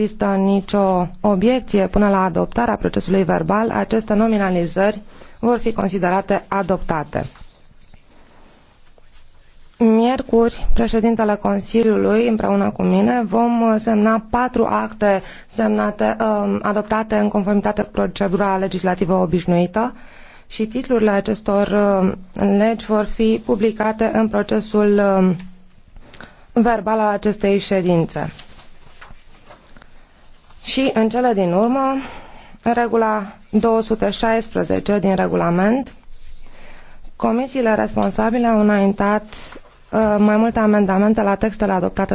există nicio obiecție până la adoptarea procesului verbal, aceste nominalizări vor fi considerate adoptate. Miercuri, președintele Consiliului, împreună cu mine, vom semna patru acte semnate, um, adoptate în conformitate cu procedura legislativă obișnuită și titlurile acestor um, legi vor fi publicate în procesul um, verbal al acestei ședințe. Și, în cele din urmă, regula 216 din regulament, comisiile responsabile au înaintat uh, mai multe amendamente la textele adoptate